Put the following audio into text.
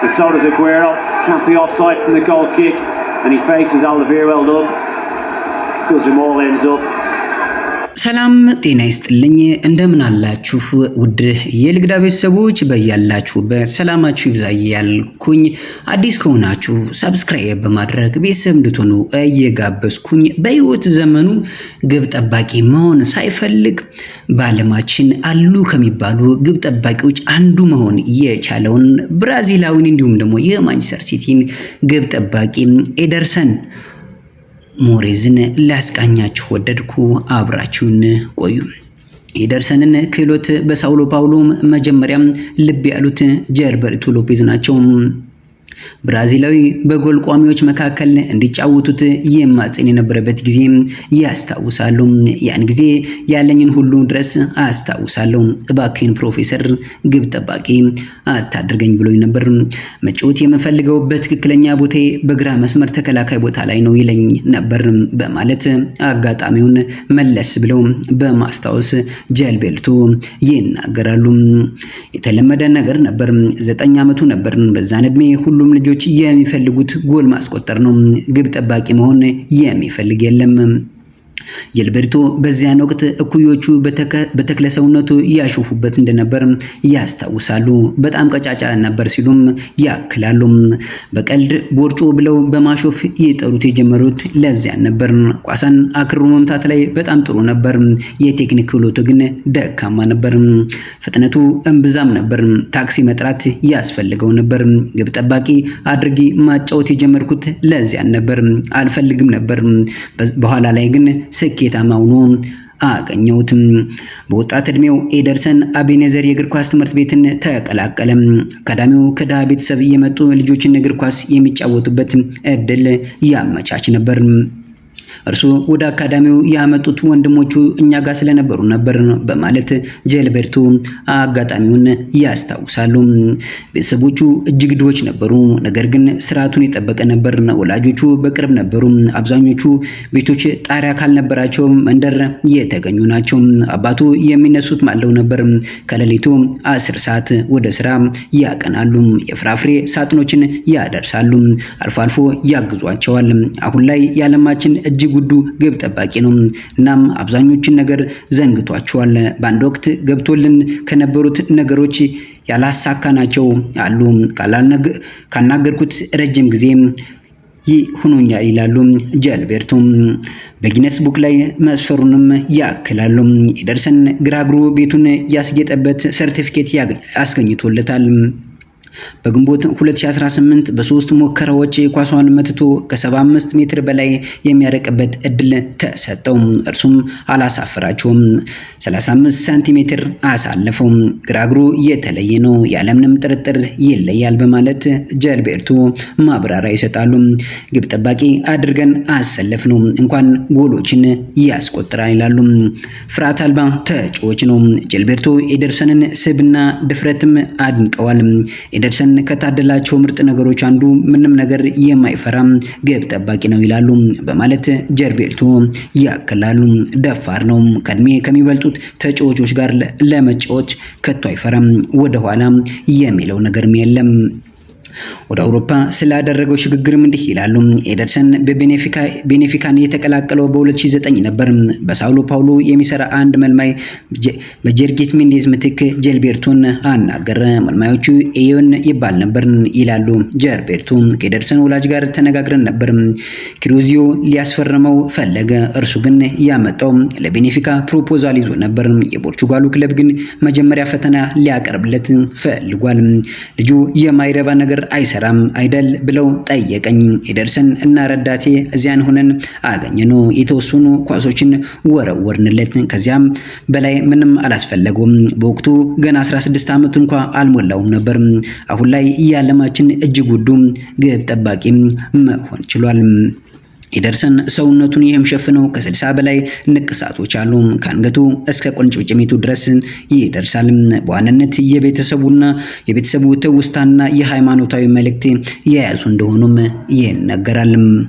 But so does Aguero. Can't be offside from the goal kick. And he faces Alderweireld up. Because him all ends up ሰላም ጤና ይስጥልኝ። እንደምን አላችሁ ውድ የልግዳ ቤተሰቦች፣ በያላችሁበት ሰላማችሁ ይብዛ እያልኩኝ አዲስ ከሆናችሁ ሰብስክራይብ በማድረግ ቤተሰብ እንድትሆኑ እየጋበዝኩኝ በህይወት ዘመኑ ግብ ጠባቂ መሆን ሳይፈልግ በዓለማችን አሉ ከሚባሉ ግብ ጠባቂዎች አንዱ መሆን የቻለውን ብራዚላዊን እንዲሁም ደግሞ የማንቸስተር ሲቲን ግብ ጠባቂ ኤደርሰን ሞሬዝን ላስቃኛችሁ ወደድኩ። አብራችሁን ቆዩ። የደርሰንን ክህሎት በሳውሎ ፓውሎ መጀመሪያም ልብ ያሉት ጀርበሪቱ ሎፔዝ ናቸው። ብራዚላዊ በጎል ቋሚዎች መካከል እንዲጫወቱት የማጽን የነበረበት ጊዜ ያስታውሳሉ። ያን ጊዜ ያለኝን ሁሉ ድረስ አስታውሳለሁ። እባክህን ፕሮፌሰር ግብ ጠባቂ አታድርገኝ ብሎኝ ነበር። መጫወት የምፈልገው በትክክለኛ ቦታ በግራ መስመር ተከላካይ ቦታ ላይ ነው ይለኝ ነበር በማለት አጋጣሚውን መለስ ብለው በማስታወስ ጀልቤልቱ ይናገራሉ። የተለመደ ነገር ነበር። ዘጠኝ ዓመቱ ነበር። በዛን ዕድሜ ሁሉ ሁሉም ልጆች የሚፈልጉት ጎል ማስቆጠር ነው። ግብ ጠባቂ መሆን የሚፈልግ የለም። ጀልበሪቶ በዚያን ወቅት እኩዮቹ በተክለሰውነቱ ሰውነቱ ያሾፉበት እንደነበር ያስታውሳሉ። በጣም ቀጫጫ ነበር ሲሉም ያክላሉ። በቀልድ ቦርጮ ብለው በማሾፍ ይጠሩት የጀመሩት ለዚያን ነበር። ኳሳን አክርሮ መምታት ላይ በጣም ጥሩ ነበር። የቴክኒክ ክህሎቱ ግን ደካማ ነበር። ፍጥነቱ እምብዛም ነበር። ታክሲ መጥራት ያስፈልገው ነበር። ግብ ጠባቂ አድርጌ ማጫወት የጀመርኩት ለዚያን ነበር። አልፈልግም ነበር። በኋላ ላይ ግን ስኬታማ ሆኖ አገኘሁትም። በወጣት እድሜው ኤደርሰን አቤኔዘር የእግር ኳስ ትምህርት ቤትን ተቀላቀለም። አካዳሚው ከድሃ ቤተሰብ የመጡ ልጆችን እግር ኳስ የሚጫወቱበት እድል ያመቻች ነበር። እርሱ ወደ አካዳሚው ያመጡት ወንድሞቹ እኛ ጋር ስለነበሩ ነበር በማለት ጀልበርቱ አጋጣሚውን ያስታውሳሉ። ቤተሰቦቹ እጅግ ድሆች ነበሩ፣ ነገር ግን ስርዓቱን የጠበቀ ነበር። ወላጆቹ በቅርብ ነበሩ። አብዛኞቹ ቤቶች ጣሪያ ካልነበራቸው መንደር የተገኙ ናቸው። አባቱ የሚነሱት ማለው ነበር። ከሌሊቱ አስር ሰዓት ወደ ስራ ያቀናሉ። የፍራፍሬ ሳጥኖችን ያደርሳሉ። አልፎ አልፎ ያግዟቸዋል። አሁን ላይ የዓለማችን እጅግ እጅግ ጉዱ ግብ ጠባቂ ነው። እናም አብዛኞቹን ነገር ዘንግቷቸዋል። በአንድ ወቅት ገብቶልን ከነበሩት ነገሮች ያላሳካ ናቸው አሉ። ካናገርኩት ረጅም ጊዜ ይህ ሁኖኛ ይላሉ ጀልቤርቱ በጊነስ ቡክ ላይ መስፈሩንም ያክላሉ። የደርሰን ግራ እግሩ ቤቱን ያስጌጠበት ሰርቲፊኬት ያስገኝቶለታል። በግንቦት 2018 በሶስት ሙከራዎች ኳሷን መትቶ ከ75 ሜትር በላይ የሚያረቅበት እድል ተሰጠው። እርሱም አላሳፈራቸውም። 35 ሳንቲሜትር አሳለፈው። ግራግሩ የተለየ ነው፣ ያለምንም ጥርጥር ይለያል በማለት ጀልቤርቱ ማብራሪያ ይሰጣሉ። ግብ ጠባቂ አድርገን አሰለፍ ነው፣ እንኳን ጎሎችን ያስቆጥራል ይላሉ። ፍርሃት አልባ ተጫዋች ነው። ጀልቤርቱ ኤደርሰንን ስብና ድፍረትም አድንቀዋል። ሄንደርሰን ከታደላቸው ምርጥ ነገሮች አንዱ ምንም ነገር የማይፈራም ግብ ጠባቂ ነው ይላሉ በማለት ጀርቤልቶ ያክላሉ። ደፋር ነው። ከእድሜ ከሚበልጡት ተጫዋቾች ጋር ለመጫወት ከቶ አይፈራም። ወደኋላ የሚለው ነገርም የለም። ወደ አውሮፓ ስላደረገው ሽግግርም እንዲህ ይላሉ። ኤደርሰን በቤኔፊካን የተቀላቀለው በ2009 ነበር። በሳውሎ ፓውሎ የሚሰራ አንድ መልማይ በጀርጌት ሜንዴዝ ምትክ ጀልቤርቱን አናገረ። መልማዮቹ ኤዮን ይባል ነበር ይላሉ። ጀርቤርቱ ከኤደርሰን ወላጅ ጋር ተነጋግረን ነበር። ኪሮዚዮ ሊያስፈርመው ፈለገ። እርሱ ግን ያመጣው ለቤኔፊካ ፕሮፖዛል ይዞ ነበር። የፖርቹጋሉ ክለብ ግን መጀመሪያ ፈተና ሊያቀርብለት ፈልጓል። ልጁ የማይረባ ነገር አይሰ አይሰራም አይደል ብለው ጠየቀኝ። ኤደርሰን እና ረዳቴ እዚያን ሆነን አገኘኑ። የተወሰኑ ኳሶችን ወረወርንለት። ከዚያም በላይ ምንም አላስፈለገውም። በወቅቱ ገና 16 ዓመቱ እንኳ አልሞላውም ነበር። አሁን ላይ የዓለማችን እጅግ ውዱ ግብ ጠባቂ መሆን ችሏል። ኢደርሰን ሰውነቱን የሚሸፍነው ከስልሳ በላይ ንቅሳቶች አሉ። ከአንገቱ እስከ ቁርጭምጭሚቱ ድረስ ይደርሳል። በዋናነት የቤተሰቡና የቤተሰቡ ትውስታና የሃይማኖታዊ መልእክት የያዙ እንደሆኑም ይነገራል።